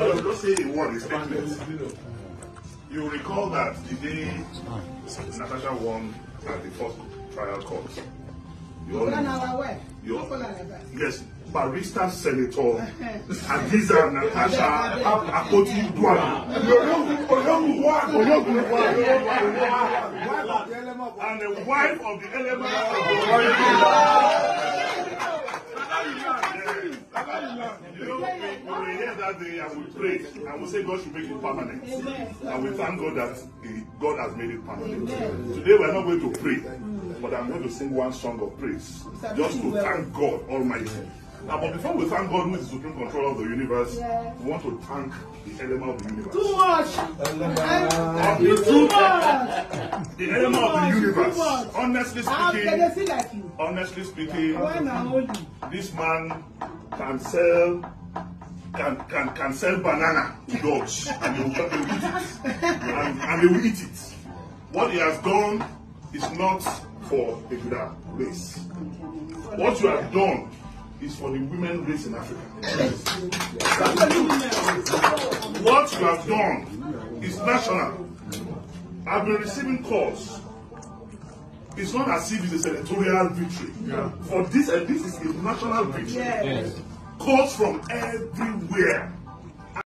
So don't say a word, a statement. You recall that the day Natasha won at the first trial court. You only, you, yes, barista senator Hadiza Natasha Akoti Duana. And the wife of the element You know, when we hear that day, I will pray. I will say God should make it permanent. And we thank God that God has made it permanent. Today we are not going to pray, but I'm going to sing one song of praise just to thank God Almighty. Now, but before we thank God, who is the supreme controller of the universe, yeah. we want to thank the element of the universe. Too much. Of the too much. The element of the universe. Honestly speaking, honestly speaking, this man can sell can can can sell banana to dogs and they will, they will eat it and, and they will eat it what he has done is not for a Buddha race what you have done is for the women race in Africa what you have done is national I have been receiving calls it's not as if it's a senatorial victory. Yeah. For this, and this is a national victory. Yes. Calls from everywhere.